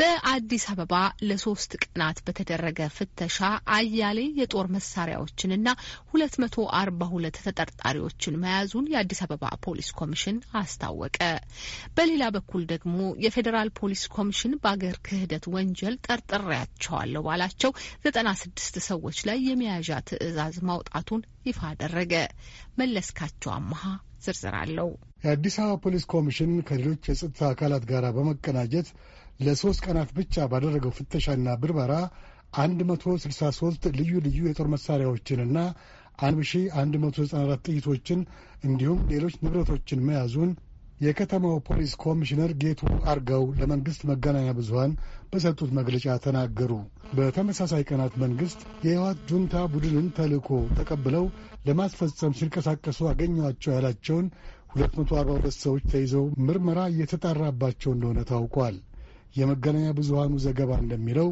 በአዲስ አበባ ለሶስት ቀናት በተደረገ ፍተሻ አያሌ የጦር መሳሪያዎችንና ሁለት መቶ አርባ ሁለት ተጠርጣሪዎችን መያዙን የአዲስ አበባ ፖሊስ ኮሚሽን አስታወቀ። በሌላ በኩል ደግሞ የፌዴራል ፖሊስ ኮሚሽን በአገር ክህደት ወንጀል ጠርጥሬያቸዋለሁ ባላቸው ዘጠና ስድስት ሰዎች ላይ የመያዣ ትዕዛዝ ማውጣቱን ይፋ አደረገ። መለስካቸው አመሃ ዝርዝር አለው። የአዲስ አበባ ፖሊስ ኮሚሽን ከሌሎች የጸጥታ አካላት ጋር በመቀናጀት ለሶስት ቀናት ብቻ ባደረገው ፍተሻና ብርበራ 163 ልዩ ልዩ የጦር መሳሪያዎችንና 1194 ጥይቶችን እንዲሁም ሌሎች ንብረቶችን መያዙን የከተማው ፖሊስ ኮሚሽነር ጌቱ አርጋው ለመንግሥት መገናኛ ብዙሃን በሰጡት መግለጫ ተናገሩ። በተመሳሳይ ቀናት መንግሥት የህወሓት ጁንታ ቡድንን ተልእኮ ተቀብለው ለማስፈጸም ሲንቀሳቀሱ አገኟቸው ያላቸውን 242 ሰዎች ተይዘው ምርመራ እየተጣራባቸው እንደሆነ ታውቋል። የመገናኛ ብዙሃኑ ዘገባ እንደሚለው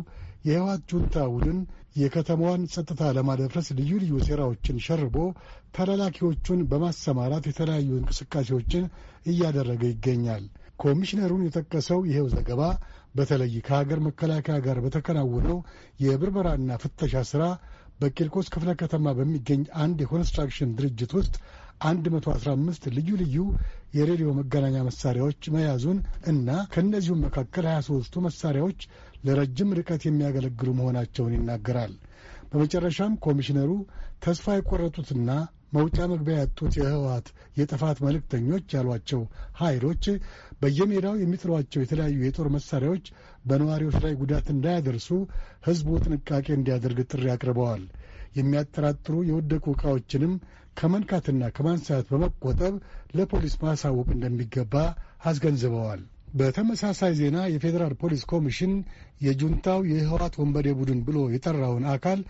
የህወሓት ጁንታ ቡድን የከተማዋን ጸጥታ ለማደፍረስ ልዩ ልዩ ሴራዎችን ሸርቦ ተላላኪዎቹን በማሰማራት የተለያዩ እንቅስቃሴዎችን እያደረገ ይገኛል። ኮሚሽነሩን የጠቀሰው ይኸው ዘገባ በተለይ ከሀገር መከላከያ ጋር በተከናወነው የብርበራና ፍተሻ ሥራ በቂልቆስ ክፍለ ከተማ በሚገኝ አንድ የኮንስትራክሽን ድርጅት ውስጥ 115 ልዩ ልዩ የሬዲዮ መገናኛ መሳሪያዎች መያዙን እና ከእነዚሁም መካከል 23ቱ መሳሪያዎች ለረጅም ርቀት የሚያገለግሉ መሆናቸውን ይናገራል። በመጨረሻም ኮሚሽነሩ ተስፋ የቆረጡትና መውጫ መግቢያ ያጡት የህወሓት የጥፋት መልእክተኞች ያሏቸው ኃይሎች በየሜዳው የሚጥሏቸው የተለያዩ የጦር መሳሪያዎች በነዋሪዎች ላይ ጉዳት እንዳያደርሱ ህዝቡ ጥንቃቄ እንዲያደርግ ጥሪ አቅርበዋል። የሚያጠራጥሩ የወደቁ ዕቃዎችንም ከመንካትና ከማንሳት በመቆጠብ ለፖሊስ ማሳወቅ እንደሚገባ አስገንዝበዋል። በተመሳሳይ ዜና የፌዴራል ፖሊስ ኮሚሽን የጁንታው የህወሓት ወንበዴ ቡድን ብሎ የጠራውን አካል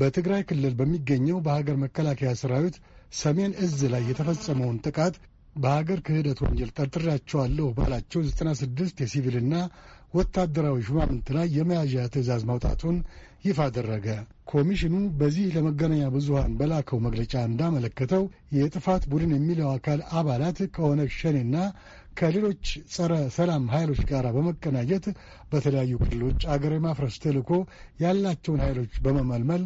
በትግራይ ክልል በሚገኘው በሀገር መከላከያ ሰራዊት ሰሜን እዝ ላይ የተፈጸመውን ጥቃት በሀገር ክህደት ወንጀል ጠርጥሬያቸዋለሁ ባላቸው 96 የሲቪልና ወታደራዊ ሹማምንት ላይ የመያዣ ትዕዛዝ ማውጣቱን ይፋ አደረገ። ኮሚሽኑ በዚህ ለመገናኛ ብዙሃን በላከው መግለጫ እንዳመለከተው የጥፋት ቡድን የሚለው አካል አባላት ከኦነግ ሸኔና ከሌሎች ጸረ ሰላም ኃይሎች ጋር በመቀናጀት በተለያዩ ክልሎች አገር የማፍረስ ተልዕኮ ያላቸውን ኃይሎች በመመልመል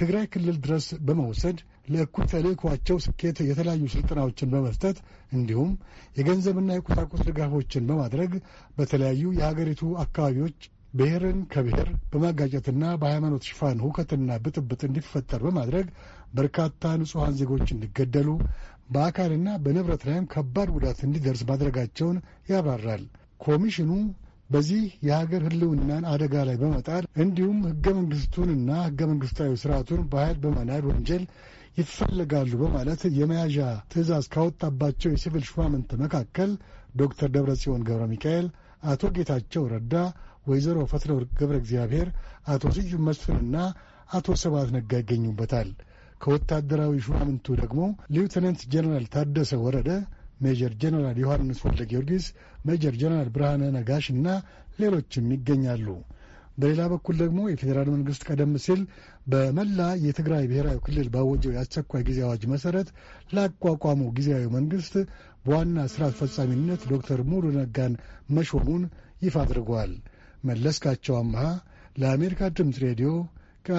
ትግራይ ክልል ድረስ በመውሰድ ለእኩል ተልእኳቸው ስኬት የተለያዩ ስልጠናዎችን በመስጠት እንዲሁም የገንዘብና የቁሳቁስ ድጋፎችን በማድረግ በተለያዩ የሀገሪቱ አካባቢዎች ብሔርን ከብሔር በማጋጨትና በሃይማኖት ሽፋን ሁከትና ብጥብጥ እንዲፈጠር በማድረግ በርካታ ንጹሐን ዜጎች እንዲገደሉ በአካልና በንብረት ላይም ከባድ ጉዳት እንዲደርስ ማድረጋቸውን ያብራራል። ኮሚሽኑ በዚህ የሀገር ሕልውናን አደጋ ላይ በመጣል እንዲሁም ሕገ መንግሥቱንና ሕገ መንግሥታዊ ስርዓቱን በኃይል በመናድ ወንጀል ይፈለጋሉ በማለት የመያዣ ትዕዛዝ ካወጣባቸው የሲቪል ሹማምንት መካከል ዶክተር ደብረጽዮን ገብረ ሚካኤል፣ አቶ ጌታቸው ረዳ፣ ወይዘሮ ፈትለወርቅ ገብረ እግዚአብሔር፣ አቶ ስዩም መስፍንና አቶ ሰባት ነጋ ይገኙበታል። ከወታደራዊ ሹማምንቱ ደግሞ ሊውተናንት ጀነራል ታደሰ ወረደ፣ ሜጀር ጀነራል ዮሐንስ ወልደ ጊዮርጊስ፣ ሜጀር ጀነራል ብርሃነ ነጋሽ እና ሌሎችም ይገኛሉ። በሌላ በኩል ደግሞ የፌዴራል መንግስት ቀደም ሲል በመላ የትግራይ ብሔራዊ ክልል ባወጀው የአስቸኳይ ጊዜ አዋጅ መሰረት ላቋቋመው ጊዜያዊ መንግስት በዋና ስራ አስፈጻሚነት ዶክተር ሙሉ ነጋን መሾሙን ይፋ አድርጓል። መለስካቸው አምሃ ለአሜሪካ ድምፅ ሬዲዮ ከ